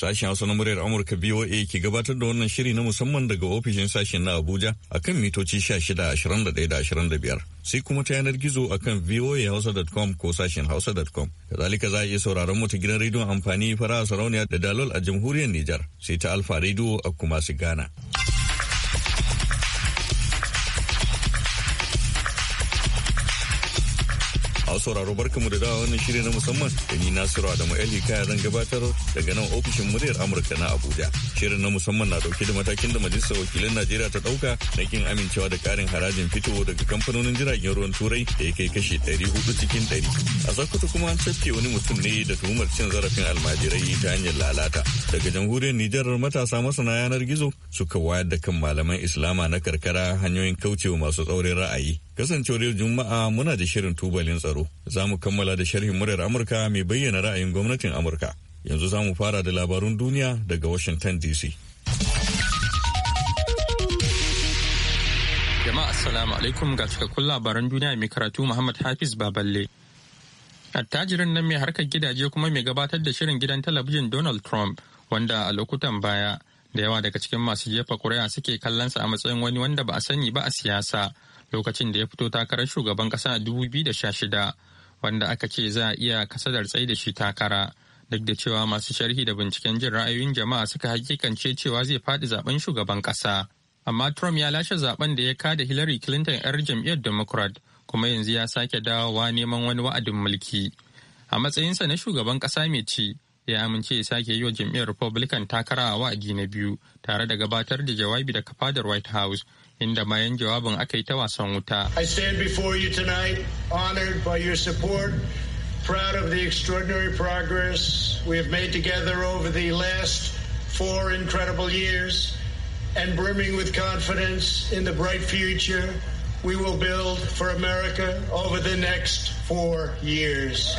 Sashen Hausa na muryar Amurka BOA ke gabatar da wannan shiri na musamman daga ofishin sashen na Abuja akan mitoci 1621 da biyar Sai kuma ta yanar gizo akan voahausa.com ko sashen hausa.com. Kazalika za a iya sauraron mata gidan rediyon amfani fara sarauniya da dalol a jamhuriyar Nijar sai ta Alfa rediyo a kuma su Ghana. a sauraro barkamu da dawa wannan shirya na musamman da ni nasiru adamu eli kaya zan gabatar daga nan ofishin muryar amurka na abuja shirin na musamman na dauke da matakin da majalisar wakilan najeriya ta dauka na kin amincewa da karin harajin fitowa daga kamfanonin jiragen ruwan turai da ya kai kashi hudu cikin ɗari a sokoto kuma an cafke wani mutum ne da tuhumar cin zarafin almajirai ta hanyar lalata daga jamhuriyar nijar matasa masana yanar gizo suka wayar da kan malaman islama na karkara hanyoyin kaucewa masu tsaurin ra'ayi Kasancewar Juma'a muna da shirin tubalin tsaro. Za mu kammala da sharhin muryar Amurka mai bayyana ra'ayin gwamnatin Amurka. Yanzu za mu fara da labarun duniya daga Washington DC. Jama'a Assalamu alaikum ga cikakkun labaran duniya mai karatu Muhammad Hafiz Baballe. Attajirin nan mai harkar gidaje kuma mai gabatar da shirin gidan talabijin Donald Trump wanda a lokutan baya da yawa daga cikin masu jefa kuri'a suke kallonsa a matsayin wani wanda ba a sani ba a siyasa lokacin da ya fito takarar shugaban kasa a 2016 wanda aka ce za a iya kasadar tsaye da shi takara duk da cewa masu sharhi da binciken jin ra'ayoyin jama'a suka hakikance cewa zai faɗi zaben shugaban kasa amma trump ya lashe zaben da ya kada hillary clinton 'yar jam'iyyar democrat kuma yanzu ya sake dawowa neman wani wa'adin mulki a matsayinsa na shugaban kasa mai ci ya amince ya sake yi wa jam'iyyar republican takara a wa'adi na biyu tare da gabatar da jawabi daga fadar white house inda bayan jawabin aka yi ta wasan wuta i stand before you tonight honored by your support proud of the extraordinary progress we have made together over the last four incredible years and brimming with confidence in the bright future we will build for America over the next four years.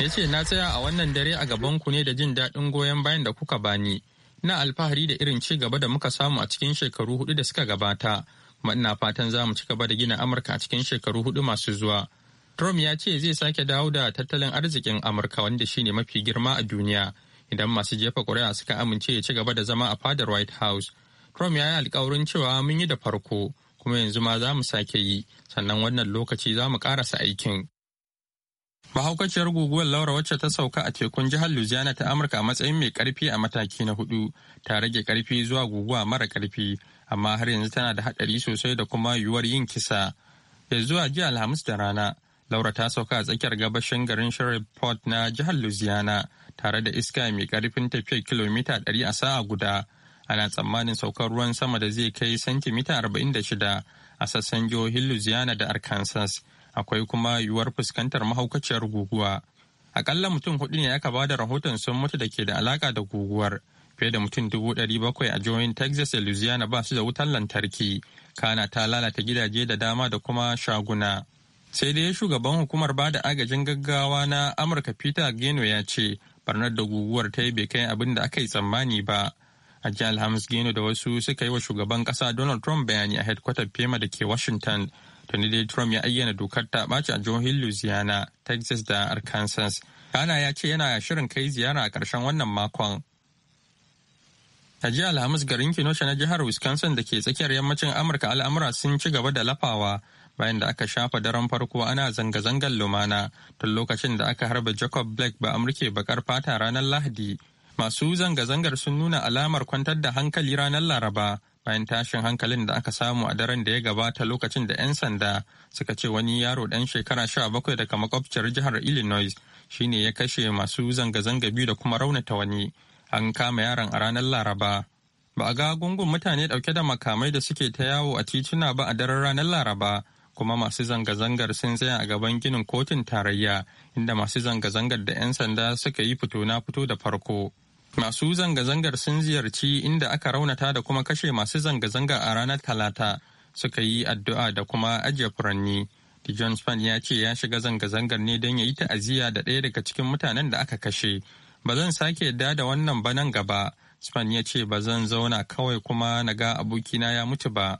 ya ce na tsaya a wannan dare a gaban ku ne da jin daɗin goyon bayan da kuka bani na alfahari da irin ci gaba da muka samu a cikin shekaru hudu da suka gabata kuma ina fatan za mu ci gaba da gina amurka a cikin shekaru hudu masu zuwa trump ya ce zai sake dawo da tattalin arzikin amurka wanda shine mafi girma a duniya idan masu jefa ƙuri'a suka amince ya ci gaba da zama a fadar white house trump ya yi alkawarin cewa mun yi da farko kuma yanzu ma za mu sake yi sannan wannan lokaci za mu ƙarasa aikin Mahaukaciyar guguwar Laura wacce ta sauka a tekun jihar Louisiana ta Amurka a matsayin mai karfi a mataki na hudu ta rage karfi zuwa guguwa mara karfi amma har yanzu tana da hadari sosai da kuma yiwuwar yin kisa. Da zuwa jiya Alhamis da rana, Laura ta sauka a tsakiyar gabashin garin Shreveport na jihar Louisiana tare da iska mai karfin tafiya kilomita 100 a sa'a guda. Ana tsammanin saukar ruwan sama da zai kai santimita shida a sassan jihohin Louisiana da Arkansas. akwai kuma yiwuwar fuskantar mahaukaciyar guguwa akalla mutum hudu ne aka bada rahoton sun mutu da ke da alaka da guguwar fiye da mutum dubu ɗari bakwai a jihohin texas da louisiana ba su da wutar lantarki kana ta lalata gidaje da dama da kuma shaguna sai dai shugaban hukumar bada agajin gaggawa na amurka peter geno ya ce barnar da guguwar ta yi bai kai abin da aka yi tsammani ba a jihar Hamis Geno da wasu suka yi wa shugaban kasa Donald Trump bayani a headquarter FEMA da ke Washington tuni dai trump ya ayyana dokar ta ɓaci a jihohin louisiana texas da arkansas kana ya ce yana shirin kai ziyara a ƙarshen wannan makon a jiya alhamis garin kenosha na jihar wisconsin da ke tsakiyar yammacin amurka al'amura sun ci gaba da lafawa bayan da aka shafa daren farko ana zanga-zangar lumana tun lokacin da aka harba jacob blake ba amurke bakar fata ranar lahadi masu zanga-zangar sun nuna alamar kwantar da hankali ranar laraba bayan tashin hankalin da aka samu a daren da ya gabata lokacin da 'yan sanda suka ce wani yaro ɗan shekara sha bakwai daga makwabciyar jihar illinois shine ya kashe masu zanga-zanga biyu da kuma raunata wani an kama yaron a ranar laraba ba a ga gungun mutane ɗauke da makamai da suke ta yawo a tituna ba a daren ranar laraba kuma masu zanga-zangar sun tsaya a gaban ginin kotun tarayya inda masu zanga-zangar da 'yan sanda suka yi fito na fito da farko Masu zanga-zangar sun ziyarci inda aka raunata da kuma kashe masu zanga-zanga a ranar Talata suka yi addu'a da kuma ajiye furanni. Dijon Span ya ce ya shiga zanga-zangar ne don ya yi ta'aziyya da ɗaya daga cikin mutanen da aka kashe. Ba zan sake yadda da wannan ba nan gaba. Span ya ce ba zan zauna kawai kuma na ga abokina ya mutu ba.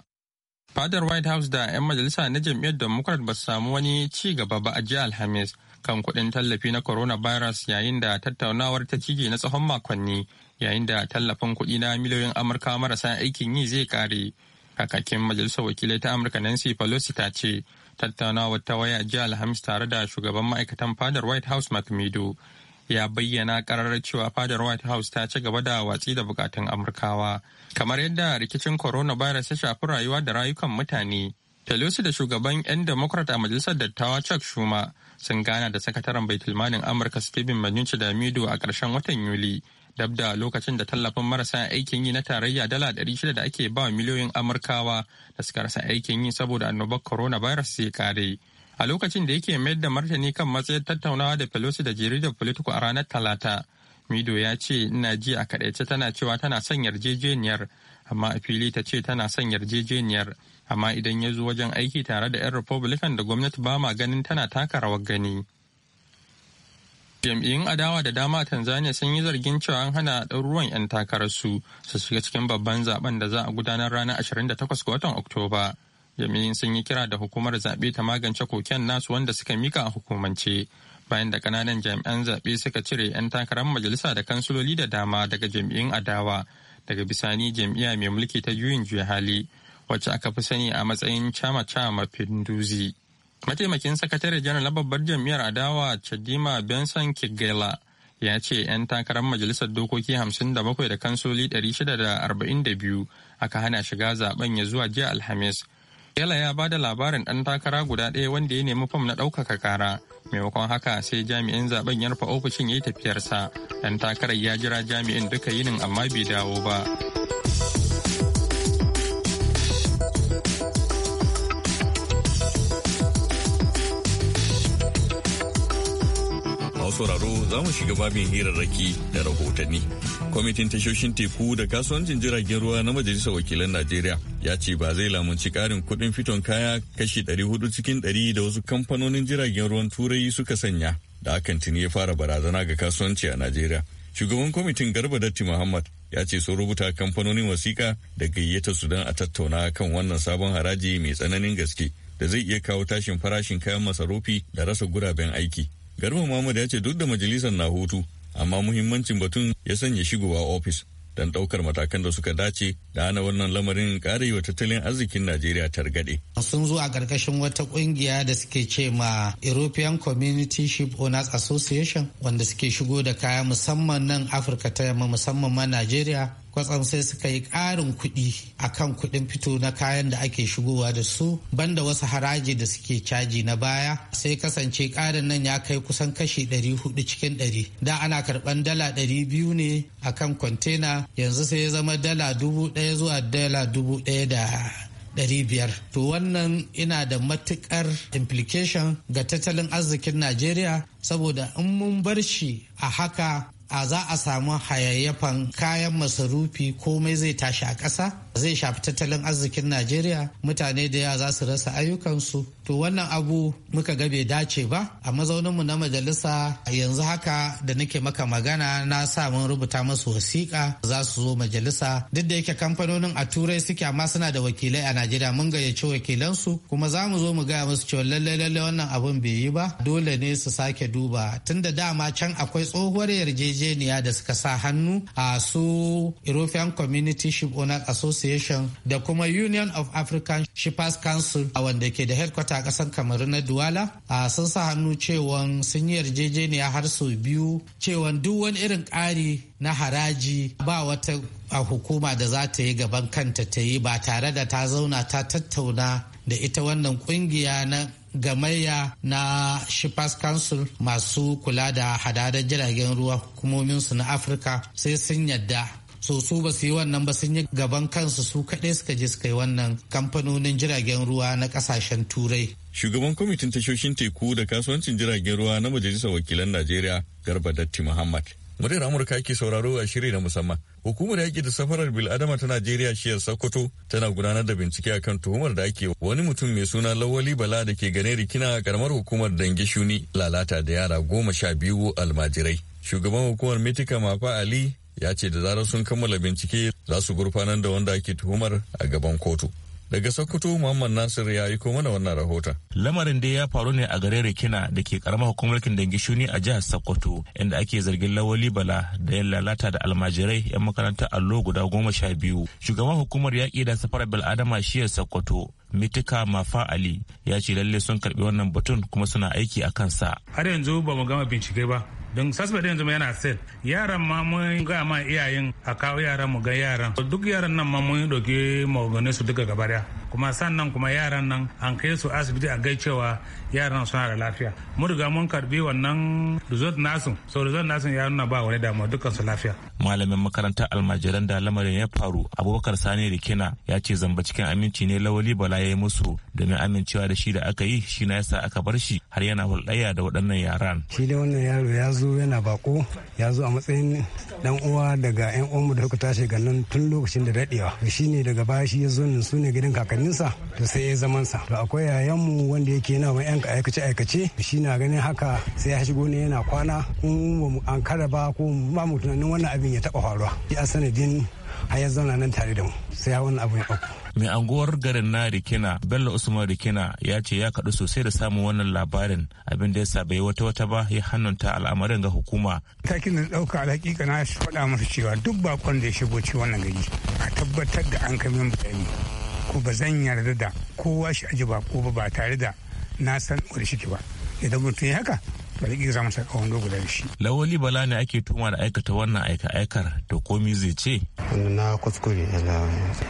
Fadar White House da 'yan majalisa na jam'iyyar Democrat ba su samu wani ci gaba ba a jiya Alhamis. kan kuɗin tallafi na coronavirus yayin da tattaunawar ta cige na tsawon makonni yayin da tallafin kuɗi na miliyoyin amurka marasa aikin yi zai kare kakakin majalisar wakilai ta amurka nancy pelosi ta ce tattaunawar ta waya ji alhamis tare da shugaban ma'aikatan fadar white house mark ya bayyana kararar cewa fadar white house ta ci gaba da watsi da bukatun amurkawa kamar yadda rikicin coronavirus ya shafi rayuwa da rayukan mutane pelosi da shugaban 'yan democrat a majalisar dattawa chuck schumer sun gana da sakataren baitulmanin amurka stephen da mido a ƙarshen watan yuli dab da lokacin da tallafin marasa aikin yi na tarayya dala ɗari shida da ake ba miliyoyin amurkawa da suka rasa aikin yi saboda annobar corona coronavirus sai kare a lokacin da yake mayar da martani kan matsayin tattaunawa da pelosi da jaridar politiko a ranar talata mido ya ce ina ji a kaɗaice tana cewa tana son yarjejeniyar amma a fili ta ce tana son yarjejeniyar amma idan ya zo wajen aiki tare da 'yan republican da gwamnati ba ma ganin tana taka rawar gani jam'iyyun adawa da dama a tanzania sun yi zargin cewa an hana ɗaruruwan 'yan takararsu su shiga cikin babban zaben da za a gudanar ranar 28 ga watan oktoba jam'iyyun sun yi kira da hukumar zaɓe ta magance koken nasu wanda suka mika a hukumance bayan da kananan jami'an zaɓe suka cire 'yan takarar majalisa da kansuloli da dama daga jam'iyyun adawa daga bisani jam'iyya mai mulki ta juyin juya hali wacce aka fi sani a matsayin chama chama pinduzi mataimakin sakatare janar na babbar jam'iyyar adawa chadima benson kigela ya ce 'yan takarar majalisar dokoki 57 da kansoli 642 aka hana shiga zaben ya zuwa jiya alhamis Kigela ya ba da labarin ɗan takara guda ɗaya wanda ya nemi fam na ɗaukaka kara. Maimakon haka sai jami'in zaben ya rufe ofishin ya yi tafiyarsa. Ɗan takarar ya jira jami'in duka yinin amma bai dawo ba. sauraro za mu shiga babin hirarraki da rahotanni. Kwamitin tashoshin teku da kasuwancin jiragen ruwa na Majalisar Wakilan Najeriya ya ce ba zai lamunci karin kuɗin fiton kaya kashi 400 cikin 100 da wasu kamfanonin jiragen ruwan turai suka sanya da hakan tuni ya fara barazana ga kasuwanci a Najeriya. Shugaban kwamitin Garba Datti Muhammad ya ce sun rubuta kamfanonin wasiƙa da gayyata su don a tattauna kan wannan sabon haraji mai tsananin gaske da zai iya kawo tashin farashin kayan masarufi da rasa guraben aiki. Garba Muhammad ya ce duk da majalisar na hutu amma muhimmancin batun ya sanya shigowa ofis don ɗaukar matakan da suka dace da hana wannan lamarin ƙara wa tattalin arzikin Najeriya targaɗe. Sun zo a ƙarƙashin wata ƙungiya da suke ce ma European Community Ship Owners Association wanda suke shigo da kaya musamman nan Afirka ta yamma musamman ma Najeriya kwatsam sai suka yi ƙarin kuɗi a kan kuɗin fito na kayan da ake shigowa da su banda wasu haraji da suke caji na baya sai kasance ƙarin nan ya kai kusan kashi hudu cikin ɗari. da ana karɓan dala ɗari biyu ne a kan kwantena yanzu sai ya zama dala dubu ɗaya zuwa dala dubu ɗaya da ɗari biyar. to wannan ina da matukar implication ga tattalin arzikin najeriya saboda in mun bar shi a haka a za a samu hayayyafan kayan masarufi komai zai tashi a ƙasa zai shafi tattalin arzikin najeriya mutane da yawa za su rasa ayyukansu to wannan abu muka ga bai dace ba a mazauninmu na majalisa yanzu haka da nake maka magana na sa mun rubuta masu wasiƙa za su zo majalisa duk da yake kamfanonin a turai suke amma suna da wakilai a najeriya mun gayyaci wakilansu kuma za mu zo mu gaya musu cewa lallai lallai wannan abun bai yi ba dole ne su sake duba tunda dama can akwai tsohuwar yarjejeniya yarjejeniya da suka sa hannu a su European Community Ship Owners Association da kuma Union of African Shippers Council a wanda ke da headquarter a ƙasar Kamaru na Duwala a sun sa hannu cewan sun yi yarjejeniya har sau biyu cewan duk wani irin ƙari na haraji ba wata a hukuma da za ta yi gaban kanta ta yi ba tare da ta zauna ta tattauna da ita wannan kungiya na gamayya na shippers council masu kula da hadadar jiragen ruwa hukumominsu na afirka sai sun yadda so su ba su yi wannan ba sun yi gaban kansu su kaɗai suka je suka yi wannan kamfanonin jiragen ruwa na ƙasashen turai shugaban kwamitin tashoshin teku da kasuwancin jiragen ruwa na majalisar wakilan najeriya garba datti muhammad muryar amurka ke sauraro a shiri na musamman hukumar yaƙi da safarar bil'adama ta najeriya shiyar sokoto tana gudanar da bincike akan tuhumar da ake wani mutum mai suna lawali bala da ke ganin rikina a karamar hukumar dange shuni lalata da yara goma sha biyu almajirai shugaban hukumar mitika mafa ali ya ce da zarar sun kammala bincike za su gurfanar da wanda ake tuhumar a gaban kotu Daga Sokoto Muhammad Nasir ya yi mana wannan rahoton. Lamarin da ya faru ne a garin Rikina da ke karamar hukumar Dangishuni a jihar Sokoto inda ake zargin Lawali Bala da ya lalata da almajirai 'yan makarantar allo guda goma sha biyu. Shugaban hukumar yaƙi da safarar bil'adama shiyar Sokoto Mitika Mafa Ali ya ce lalle sun karbi wannan batun kuma suna aiki a kansa. Har yanzu ba mu gama bincike ba. don sasbade yanzu yana set yaran ma mun ga ma iyayen a kawo yaran mu ga yaran duk yaran nan ma mun doke mu su duka gaba daya kuma sannan kuma yaran nan an kai su asibiti a gaicewa yaran suna da lafiya mun riga mun karbi wannan result nasu so result nasu ya nuna ba wani damuwa dukkan su lafiya malamin makarantar almajiran da lamarin ya faru abubakar sani rikina ya ce zamba cikin aminci ne lawali bala ya yi musu domin amincewa da shi da aka yi shi na yasa aka bar shi har yana hulɗaya da waɗannan yaran shi da wannan yaro ya zo yana bako ya zo a matsayin dan uwa daga yan uwanmu da suka tashi ganin tun lokacin da daɗewa shi ne daga baya shi ya zo su ne gidan kakanni amfaninsa to sai ya zamansa to akwai yayanmu wanda yake yana ma yan aikace aikace shi na ganin haka sai ya shigo ne yana kwana in ba mu an kara ba ko ba mu tunanin wannan abin ya taba faruwa ya sanadin har zauna nan tare da mu sai ya wani abu ya ɗauko. mai anguwar garin na rikina bello usman rikina ya ce ya kaɗu sosai da samun wannan labarin abin da ya sa bai wata wata ba ya hannunta al'amarin ga hukuma takin da ɗauka a alhaƙiƙa na faɗa masa cewa duk bakon da ya shigo ci wannan gari a tabbatar da an kamin bayani ko ba zan yarda da kowa shi aji ba ko ba tare da na san wani shi ba idan mutum ya haka ba da za masa kawon dogo da shi. Lawali Bala ne ake tuma da aikata wannan aika-aikar da komi zai ce. Na kuskure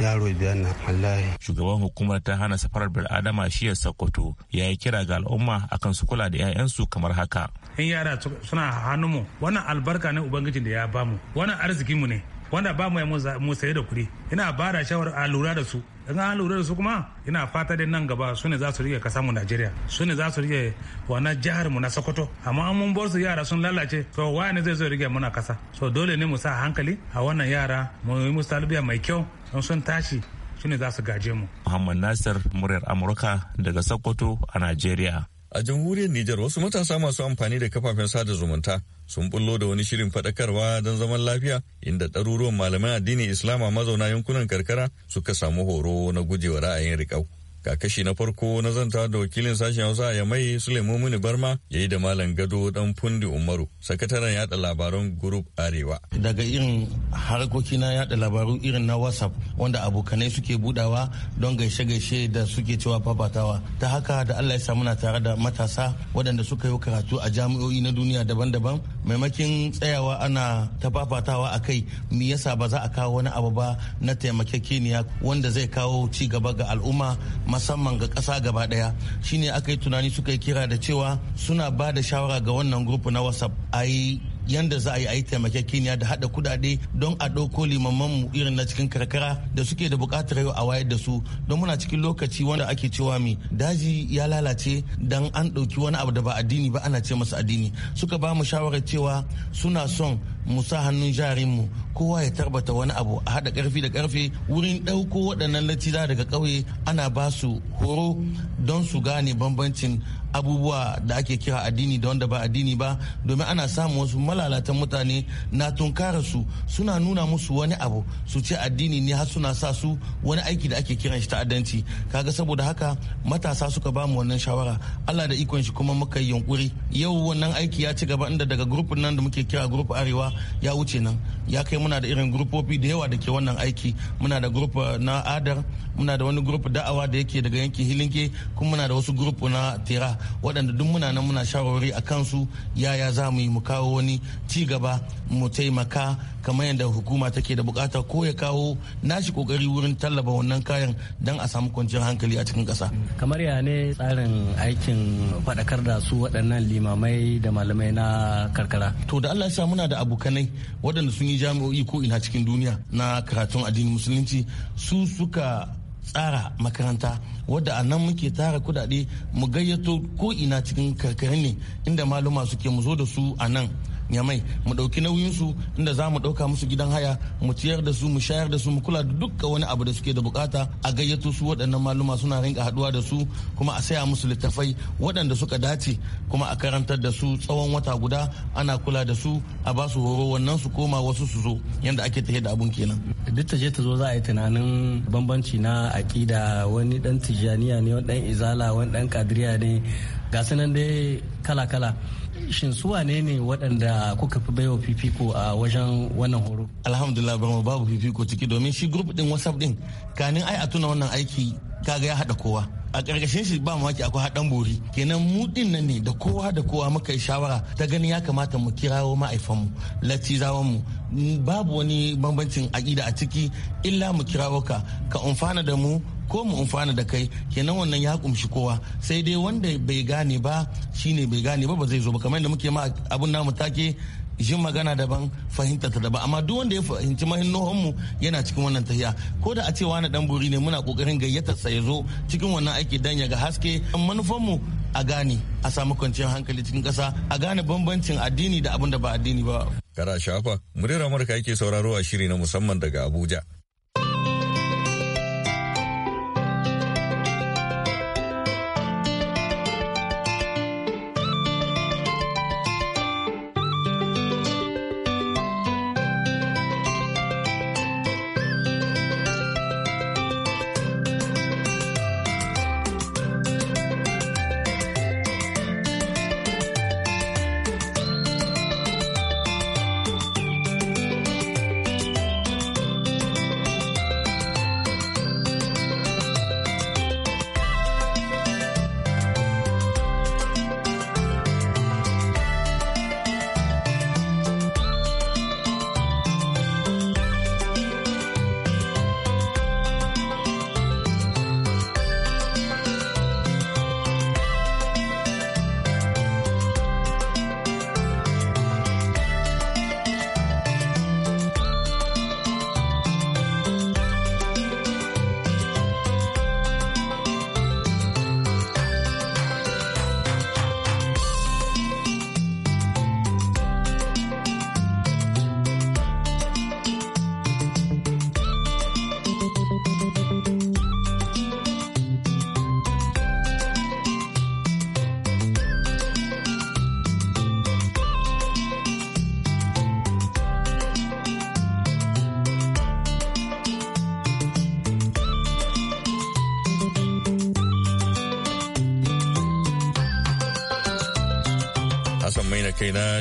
yaro biyar na wallahi. Shugaban hukumar ta hana safarar bil'adama adama Sokoto ya yi kira ga al'umma akan su kula da 'ya'yansu kamar haka. In yara suna hannunmu wannan albarka ne ubangijin da ya bamu wannan arziki mu ne wanda ba mu mu saye da kuɗi ina ba da shawar a lura da su in an lura da su kuma ina fata da nan gaba su ne za su rike kasa mu Najeriya su ne za su rike wannan jihar mu na Sokoto amma an mun bar su yara sun lalace to wa ne zai zo rike muna kasa so dole ne mu sa hankali a wannan yara mu yi musu mai kyau don sun tashi su ne za su gaje mu Muhammad Nasir muryar Amurka daga Sokoto a Najeriya A jamhuriyar Nijar wasu matasa masu amfani da kafafen sada zumunta sun bullo da wani shirin faɗakarwa don zaman lafiya inda ɗaruruwan malaman addinin Islama mazauna yankunan karkara suka samu horo na gujewa ra'ayin riƙau. ga kashi na farko na zanta da wakilin sashen hausa ya mai sulaimu Muni barma ya yi da malam gado dan fundi umaru sakataren yada labaran group arewa daga irin harkoki na yada labaru irin na whatsapp wanda abokanai suke budawa don gaishe-gaishe da suke cewa fafatawa ta haka da allah ya samu na tare da matasa waɗanda suka yi karatu a jami'o'i na duniya daban-daban maimakin tsayawa ana ta fafatawa a kai me yasa ba za a kawo wani abu ba na taimakekeniya wanda zai kawo ci gaba ga al'umma musamman ga kasa gaba daya shine aka yi tunani suka yi kira da cewa suna ba da shawara ga wannan grupu na whatsapp a yanda za a yi a yi taimakekeniya da haɗa kudade don a ɗauko limaman mu irin na cikin karkara da suke da buƙatar yau a wayar da su don muna cikin lokaci wanda ake cewa mi daji ya lalace dan an ɗauki wani abu da ba addini ba ana ce masa addini suka ba mu shawarar cewa suna son mu sa hannun jarin mu kowa ya tarbata wani abu a haɗa ƙarfi da karfe wurin ɗauko waɗannan latiza daga ƙauye ana ba su horo don su gane bambancin abubuwa da ake kira addini da wanda ba addini ba domin ana samun wasu malalatan mutane na tunkara su suna nuna musu wani abu su ce addini ne har suna sa su wani aiki da ake kiran shi ta'addanci kaga saboda haka matasa suka ba mu wannan shawara Allah da ikon shi kuma muka yi yunkuri yau wannan aiki ya ci gaba inda daga grupin nan da muke kira grup arewa ya wuce nan ya kai muna da irin grupofi da yawa da ke wannan aiki muna da grup eh, na adar muna da wani grup da'awa da yake daga yankin hilinke kuma muna da wasu grup na tera waɗanda duk muna nan muna shawarwari a kansu yaya za mu yi mu kawo wani ci gaba mu taimaka kamar yadda hukuma take da bukata ko ya kawo nashi kokari wurin tallaba wannan kayan don a samu kwanciyar hankali a cikin ƙasa. kamar ya ne tsarin aikin faɗakar da su waɗannan limamai da malamai na karkara. to da allah sa muna da abokanai waɗanda sun yi jami'o'i ko ina cikin duniya na karatun addinin musulunci su suka tsara makaranta wadda a nan muke tara kudade mu gayyato ko ina cikin karkarin ne inda maluma suke mu zo da su a nan nyamai mu ɗauki nauyinsu inda za mu ɗauka musu gidan haya mu ciyar da su mu shayar da su mu kula da dukkan wani abu da suke da bukata a gayyato su waɗannan maluma suna rinka haduwa da su kuma a saya musu littafai waɗanda suka dace kuma a karantar da su tsawon wata guda ana kula da su a ba su horo wannan su koma wasu su zo yanda ake tafiya da abun kenan. duk ta je ta zo za a yi tunanin bambanci na aƙida wani dan tijaniya ne wani dan izala wani dan kadiriya ne ga sanan dai kala-kala shin su wane ne waɗanda kuka fi baiwa fifiko a wajen wannan horo alhamdulillah barma babu fifiko ciki domin shi group din whatsapp din kanin ai a tuna wannan aiki kaga ya haɗa kowa a ƙarƙashin shi ba mamaki akwai haɗan bori kenan mu din nan ne da kowa da kowa muka yi shawara ta gani ya kamata mu kirawo ma'aifanmu latizawan mu babu wani bambancin aƙida a ciki illa mu kirawo ka ka umfana da mu ko mu umfana da kai kenan wannan ya kumshi kowa sai dai wanda bai gane ba shine bai gane ba ba zai zo ba kamar yadda muke ma abun namu take jin magana daban fahimta ta daban amma duk wanda ya fahimci mahimman mu yana cikin wannan tahiya ko da a ce wani dan buri ne muna kokarin gayyatar sa ya zo cikin wannan aiki dan ya ga haske manufan mu a gane a samu kwanciyar hankali cikin kasa a gane bambancin addini da abin da ba addini ba. Kara shafa muryar Amurka yake sauraro a shiri na musamman daga Abuja.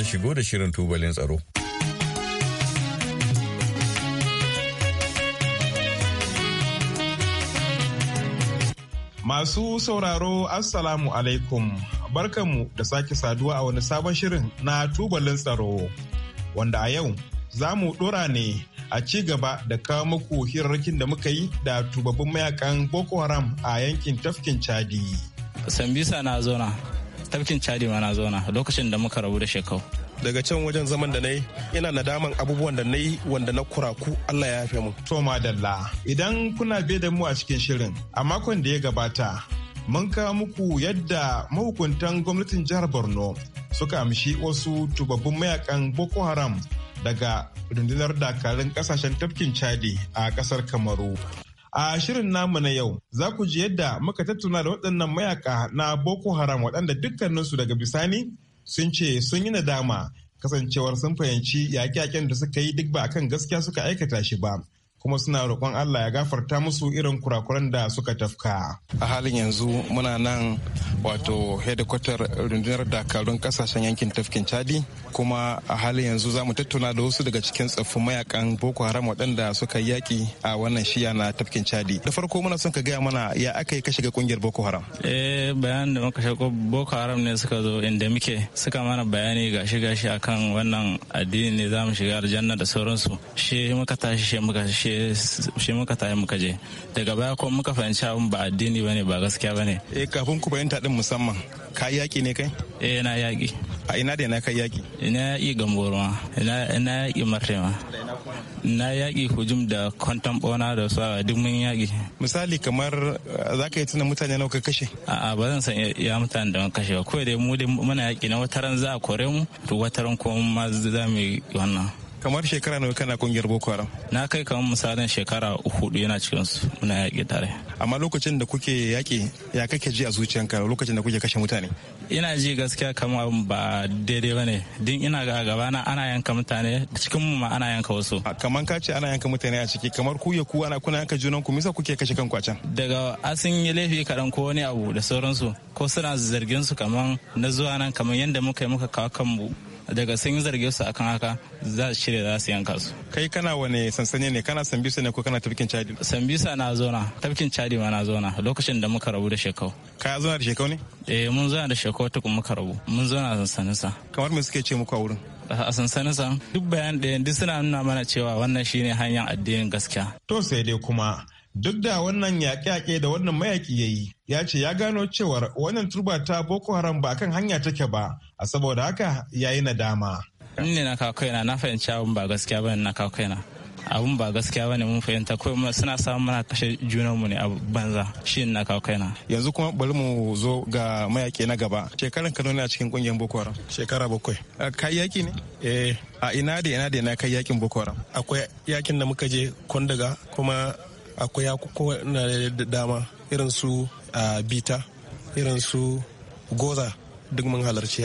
shigo da shirin tubalin tsaro. Masu sauraro Assalamu alaikum barkanmu da sake saduwa a wani sabon shirin na tubalin tsaro wanda a yau za mu dora ne a ci gaba da kawo muku hirarrakin da muka yi da tubabbin mayakan Boko Haram a yankin tafkin Chadi. Sambisa na zona. tafkin chadi ma na zauna lokacin da muka rabu da shekau daga can wajen zaman da na yi ina nadaman abubuwan da na yi wanda na kuraku Allah ya yafe mu. To madalla idan kuna bai da mu a cikin shirin a makon da ya gabata mun kawo muku yadda mahukuntan gwamnatin jihar Borno suka amshi wasu tubabbun mayakan Boko Haram daga rundunar dakarun kasashen tafkin Chadi a kasar Kamaru. A shirin namu na yau za ku ji yadda muka tattuna da waɗannan mayaka na Boko Haram waɗanda dukkaninsu daga bisani sun ce sun yi nadama kasancewar sun fahimci yaƙe-yaƙen da suka yi duk ba kan gaskiya suka aikata shi ba. kuma suna roƙon Allah ya gafarta musu irin kurakuran da suka tafka. A halin yanzu muna nan wato hedikwatar rundunar dakarun kasashen yankin tafkin Chadi kuma a halin yanzu za mu tattauna da wasu daga cikin tsaffin mayakan Boko Haram waɗanda suka yi yaƙi a wannan shiya na tafkin Chadi. Da farko muna son ka gaya mana ya aka yi ka shiga ƙungiyar Boko Haram. Eh bayan da muka shiga Boko Haram ne suka zo inda muke suka mana bayani gashi gashi akan wannan addini ne za mu shiga aljanna da sauransu. Shi muka tashi shi muka shi shi muka tayi muka je daga baya ko muka fahimci abin ba addini bane ba gaskiya bane eh kafin ku fahimta din musamman ka yaki ne kai eh na yaki a ina da na kai yaki ina yaki gamboro ma ina ina yaki marte na yaki hujum da kwantan bona da su a duk mun yaki misali kamar eh, za ka yi tuna mutane nawa ka kashe a'a ba zan san ya mutane da kashe ba kawai dai mu dai muna yaki na wataran za a kore mu to wataran kuma ma za mu yi wannan kamar shekara nawa kana kungiyar boko haram na kai kamar misalin shekara hudu yana cikin su muna yaƙi tare amma lokacin da kuke yaƙi ya kake ji a zuciyanka lokacin da kuke kashe mutane ina ji gaskiya kamar ba daidai ba ne din ina ga gaba na ana yanka mutane cikin mu ma ana yanka wasu kamar ka ce ana yanka mutane a ciki kamar ku ya ku ana kuna yanka junan ku misa kuke kashe kanku a can daga asin yi laifi kadan ko wani abu da sauransu ko suna zargin su kamar na zuwa nan kamar yadda muka yi muka kawo kanmu daga sun yi zarge su akan haka za su shirya za su yanka su kai kana wani sansani ne kana sambisa ne ko kana tafkin cadi? sambisa na zona tafkin cadi ma na zona lokacin da muka rabu da shekau ka zona da shekau ne eh mun zona da shekau tukun muka rabu mun zona sansanin sa kamar me suke ce muku a wurin a sansanin sa duk bayan ɗaya duk suna nuna mana cewa wannan shine hanyar addinin gaskiya to sai dai kuma duk da wannan yaƙe-yaƙe da wannan mayaƙi ya yi ya ce ya gano cewar wannan turba ta boko haram ba kan hanya take ba a saboda haka ya yi nadama. ni ne na kawo kaina na fahimci abin ba gaskiya ba na kawo kaina abun ba gaskiya ne mun fahimta kawai suna samun mana kashe junanmu ne a banza shi na kawo kaina yanzu kuma bari mu zo ga mayaƙi na gaba shekaran kano ne cikin kungiyar boko haram shekara bakwai kai yaƙi ne eh a ina da ina da ina kai yakin boko haram akwai yakin da muka je kondaga kuma akwai yakukuwa na da dama irin su bita irin su goza duk mun halarci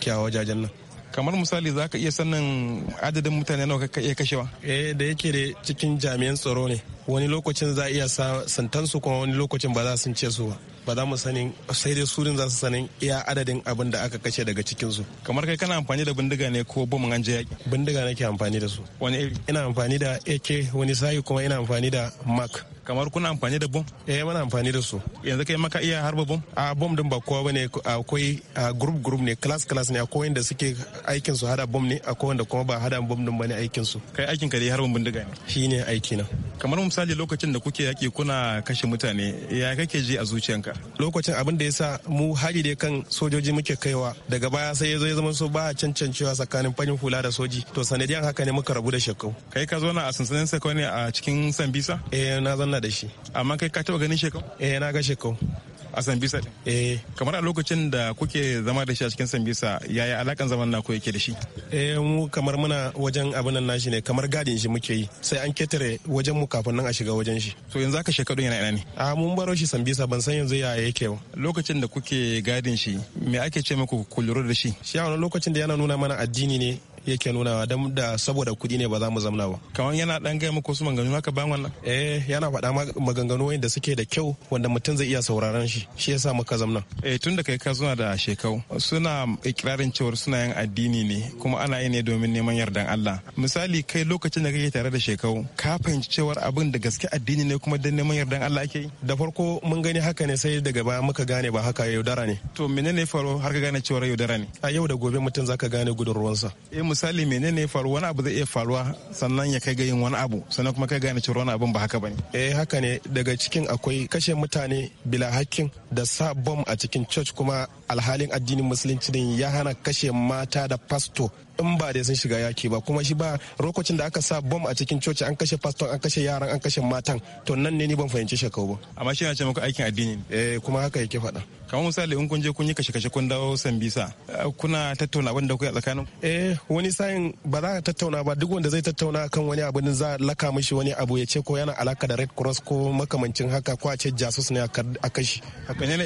kyawa wajajen nan kamar misali za ka iya sannan adadin mutane nawa ka iya kashewa eh da yake da cikin jami'an tsaro ne wani lokacin za a iya santansu kuma wani lokacin ba za sun ce su ba ba za mu sanin sai dai surin za su sanin iya adadin abin da aka kashe daga cikinsu kamar kai kana amfani da bindiga ne ko bom an je yaki bindiga nake amfani da su wani iri ina amfani da ak wani sayi kuma ina amfani da mac kamar kuna amfani da bom eh muna amfani da su yanzu kai maka iya harba bom a bom din ba kowa bane akwai group group ne class class ne akwai wanda suke aikin su hada bom ne akwai wanda kuma ba hada bom din bane aikin su kai aikin ka dai harbin bindiga ne shine aiki na kamar misali lokacin da kuke yaki kuna kashe mutane ya kake ji a zuciyanka lokacin abin da sa mu hari dai kan sojoji muke kaiwa daga baya sai zo ya zama so ba cancancewa tsakanin farin hula da soji to sanadiyan haka ne muka rabu da shakku kai ka zo na a sansanin sakwani ne a cikin sambisa eh na zanna muna da shi amma kai ka taba ganin shekau eh na ga shekau a sambisa eh kamar a lokacin da kuke zama da shi a cikin sambisa yaya alakan zaman na naku yake da shi eh mu kamar muna wajen abin nan nashi ne kamar gadin shi muke yi sai an ketare wajen mu kafin nan a shiga wajen shi to yanzu aka shekaru yana ina ne a mun baro shi sambisa ban san yanzu yaya yake ba lokacin da kuke gadin shi me ake ce muku ku lura da shi shi a lokacin da yana nuna mana addini ne yake nunawa don da saboda kuɗi ne ba za mu zamna ba kamar yana dan gaya muku wasu maganganu haka bayan wannan eh yana faɗa maganganu wanda suke da kyau wanda mutum zai iya sauraron shi shi yasa muka zamna eh tun da kai ka zuna da shekau suna ikirarin cewar suna yin addini ne kuma ana yi ne domin neman yardan Allah misali kai lokacin da kake tare da shekau ka fahimci cewar abin da gaske addini ne kuma don neman yardan Allah ake yi da farko mun gani haka ne sai daga baya muka gane ba haka yaudara ne to menene faro har ka gane cewar yaudara ne a yau da gobe mutum zaka gane gudun ruwansa eh misali menene faru wani abu zai iya faruwa sannan ya kai ga yin wani abu sannan kuma kai gane cewa wani abu ba haka bane eh haka ne daga cikin akwai kashe mutane bila hakkin da sa bom a cikin church kuma alhalin addinin musulunci din ya hana kashe mata da pastor. in ba da sun shiga yaki ba kuma shi ba lokacin da aka sa bom a cikin coci an kashe pastor an kashe yaran an kashe matan to nan ne ni ban fahimci shakau ba amma shi yana ce muku aikin addini eh kuma haka yake faɗa kamar misali in kun je kun yi kashe kashe kun dawo sambisa eh, kuna tattauna wanda da kuke tsakanin eh wani sayin ba za ka tattauna ba duk wanda zai tattauna kan wani abu din za laka mishi wani abu ya ce ko yana alaka da red cross ko makamancin haka ko a ce jasus ne a kashi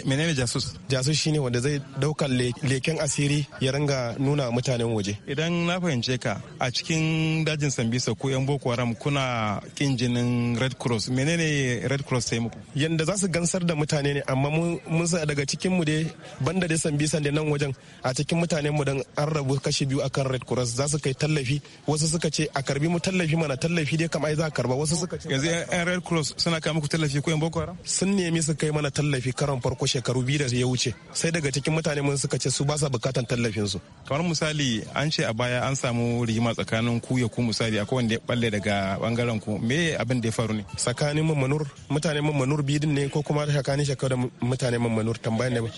menene jasus jasus shine wanda zai daukan leken asiri ya ringa nuna mutanen waje idan na fahimce ka a cikin dajin sambisa ko yan boko haram kuna kin jinin red cross menene red cross sai muku yanda za su gansar da mutane ne amma mun sa daga cikin mu dai banda da sambisa da nan wajen a cikin mutanen mu dan an rabu kashi biyu akan red cross za su kai tallafi wasu suka ce a karbi mu tallafi mana tallafi dai kamar za a karba wasu suka ce yanzu yan red cross suna kai muku tallafi ko yan boko haram sun nemi su kai mana tallafi karon farko shekaru biyu da ya wuce sai daga cikin mutane mun suka ce su ba sa bukatan tallafin su kamar misali an ce a baya an samu rigima tsakanin ku ya ku misali akwai wanda ya balle daga bangaren ku me abin da ya faru ne tsakanin mamanur mutane mamanur bidin ne ko kuma tsakanin shakau da mutane mamanur tambayar ne ba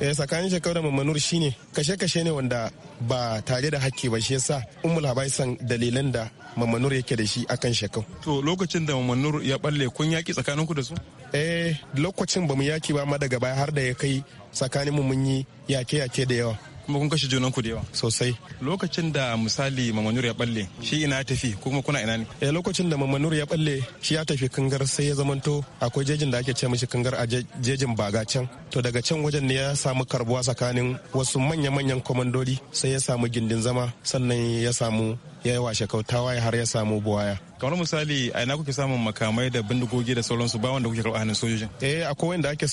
eh tsakanin shakau da mamanur shine kashe-kashe ne wanda ba tare da hakki ba shi yasa ummul san dalilan da mamanur yake da shi akan shakau to lokacin da mamanur ya balle kun yaki tsakanin ku da su eh lokacin ba mu yaki ba ma daga baya har da ya kai tsakanin mu mun yi yake-yake da yawa kuma kun kashe junan ku da yawa sosai lokacin da misali mamanur ya balle shi ina ya tafi kuma kuna ina ne eh lokacin da mamanur ya balle shi ya tafi kangar sai ya zamanto akwai jejin da ake ce mishi kangar a jejin baga can to daga can wajen ne ya samu karbuwa tsakanin wasu manya-manyan komandoli sai ya samu gindin zama sannan ya samu ya yi washe kautawa har ya samu buwaya kamar misali a ina kuke samun makamai da bindigogi da sauransu ba wanda kuke karɓa hannun sojojin eh akwai wanda ake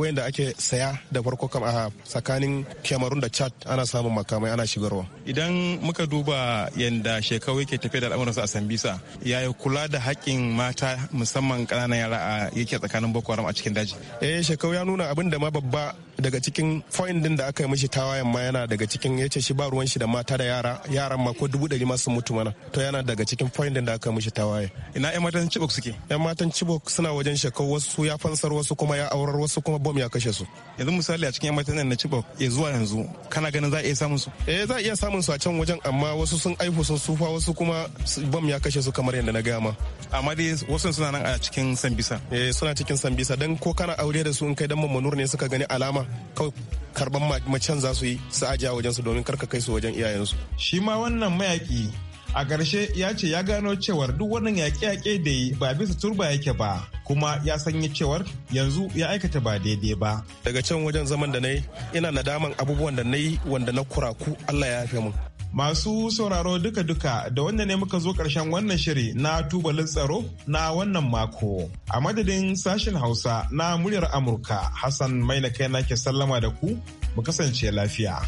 wanda ake saya da farko kam a tsakanin Cameroon da Chad ana samun makamai ana shigarwa idan muka duba yanda shekaru yake tafiya da al'amuransu a Sambisa yaya kula da haƙƙin mata musamman ƙananan yara a yake tsakanin Boko Haram a cikin daji eh shekau ya nuna abin da ma babba daga cikin foyin din da aka yi mishi tawayen ma yana daga cikin ya ce shi ba ruwan shi da mata da yara yaran ma ko dubu ɗari masu mutu mana to yana daga cikin foyin din da aka yi mishi tawaye ina yan matan cibok suke yan matan cibok suna wajen shekau wasu ya fansar wasu kuma ya aurar wasu kuma bom ya kashe su yanzu misali a cikin yan matan na cibok ya zuwa yanzu kana ganin za a iya samun su eh za a iya samun su a can wajen amma wasu sun aihu sun sufa wasu kuma bom ya kashe su kamar yadda na gaya ma amma dai wasu suna nan a cikin sambisa eh suna cikin sambisa dan ko kana aure da su in kai dan mamanur ne suka gani alama kawai karban macen za su yi su ajiya wajen su domin karka kai su wajen iyayensu. Shi ma wannan mayaki a ƙarshe ya ce ya gano cewar duk wannan yaƙe-yaƙe da yi ba bisa turba yake ba kuma ya sanya cewar yanzu ya aikata ba daidai ba. Daga can wajen zaman da na yi ina nadaman abubuwan da na yi wanda na kuraku Allah ya yafe mun. Masu sauraro duka-duka da wanda ne muka zo ƙarshen wannan shiri na tubalin tsaro na wannan mako. A madadin sashen Hausa na muryar Amurka, Hassan Maina kai ke sallama da ku, mu kasance lafiya.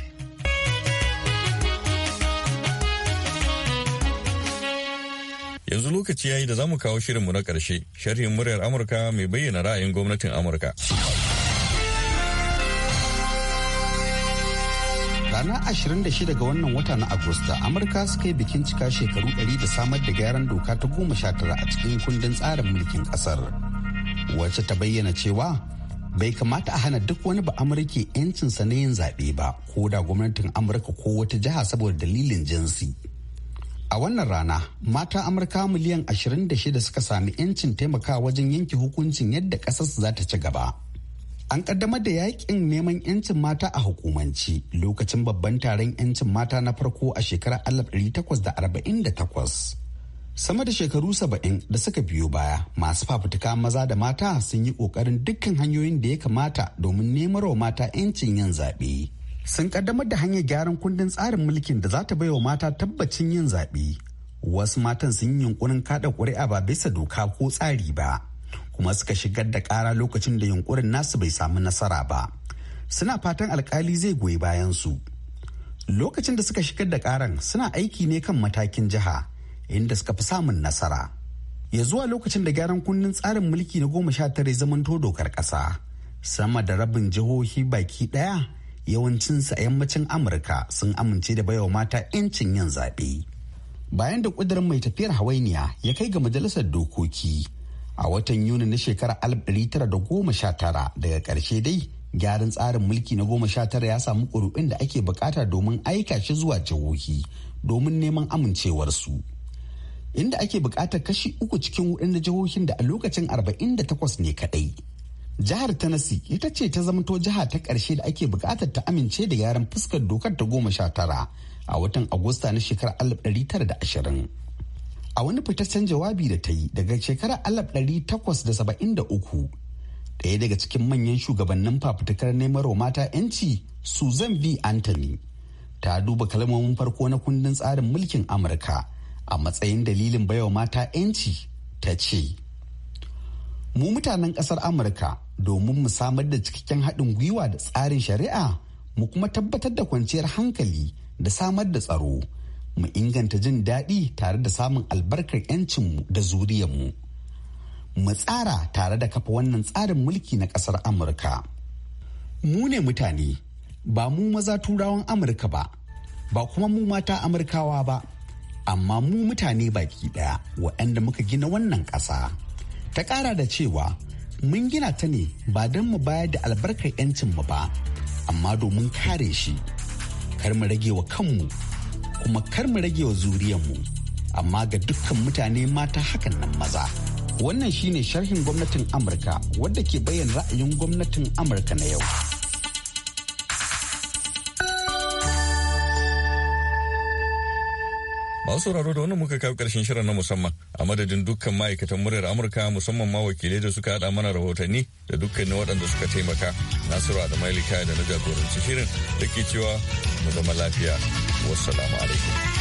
Yanzu lokaci ya yi da za mu kawo mu na ƙarshe, sharhin muryar Amurka mai bayyana ra'ayin gwamnatin Amurka. ranar 26 ga wannan wata na agusta amurka suka yi bikin cika shekaru 100 da samar da gyaran doka ta goma sha tara a cikin kundin tsarin mulkin kasar wacce ta bayyana cewa bai kamata a hana duk wani ba yancin sa na yin zaɓe ba ko da gwamnatin amurka ko wata jiha saboda dalilin jinsi a wannan rana mata amurka miliyan 26 suka sami yancin taimakawa wajen yanke hukuncin yadda ƙasarsu za ta ci gaba An kaddamar da yakin neman 'yancin mata a hukumanci lokacin babban taron 'yancin mata na farko a shekarar 1848. Sama da shekaru saba'in da suka biyo baya masu fafutuka maza da mata sun yi ƙoƙarin dukkan hanyoyin da ya kamata domin nemar wa mata 'yancin yin zaɓe. Sun kaddamar da hanyar gyaran kundin tsarin mulkin da za ta wa mata tabbacin yin zaɓe. Wasu matan sun yi yunkurin kaɗa ƙuri'a ba bisa doka ko tsari ba. kuma suka shigar da kara lokacin da yunkurin nasu bai samu nasara ba suna fatan alkali zai goyi bayan su lokacin da suka shigar da karan suna aiki ne kan matakin jiha inda suka fi samun nasara ya zuwa lokacin da gyaran kundin tsarin mulki na goma sha tare zamanto dokar ƙasa sama da rabin jihohi baki ɗaya Yawancinsa a yammacin amurka sun amince da baiwa mata 'yancin yin zaɓe bayan da ƙudurin mai tafiyar hawainiya ya kai ga majalisar dokoki a watan yuni na shekarar 1919 daga ƙarshe dai gyaran tsarin mulki na 19 ya samu ƙuri'un da ake bukata domin aika shi zuwa jihohi domin neman amincewarsu inda ake bukatar kashi uku cikin hudun na jihohin da a lokacin 48 ne kadai jihar tennessee ita ce ta zamanto jiha ta ƙarshe da ake bukatar ta amince da gyaran fuskar dokar ta goma sha tara a watan agusta na shekarar 1920 a wani fitaccen jawabi da ta yi daga shekarar 1873 ɗaya daga cikin manyan shugabannin fafutukar neman mata 'yanci susan v anthony ta duba kalmomin farko na kundin tsarin mulkin amurka a matsayin dalilin baiwa mata 'yanci ta ce mu mutanen ƙasar amurka domin mu samar da cikakken haɗin gwiwa da tsarin shari'a mu kuma tabbatar da kwanciyar hankali da samar da tsaro mu inganta jin daɗi tare da samun albarkar 'yancinmu da zuriyarmu mu tsara tare da kafa wannan tsarin mulki na ƙasar amurka mu ne mutane ba mu maza turawan amurka ba ba kuma mu mata amurkawa ba amma mu mutane baki ɗaya waɗanda muka gina wannan ƙasa ta ƙara da cewa mun gina ta ne ba don mu bayar da albarkar 'yancinmu ba amma domin kare shi kar mu rage wa kanmu kuma kar mu rage wa mu. amma ga dukkan mutane mata hakan nan maza wannan shine sharhin gwamnatin amurka wadda ke bayyana ra'ayin gwamnatin amurka na yau Masu sauraro da wannan muka kawo karshen shirin na musamman a madadin dukkan ma'aikatan muryar Amurka musamman ma wakilai da suka hada mana rahotanni da dukkan waɗanda suka taimaka. Nasiru da Malika da na jagoranci shirin da ke cewa mu zama lafiya. Wassalamu alaikum.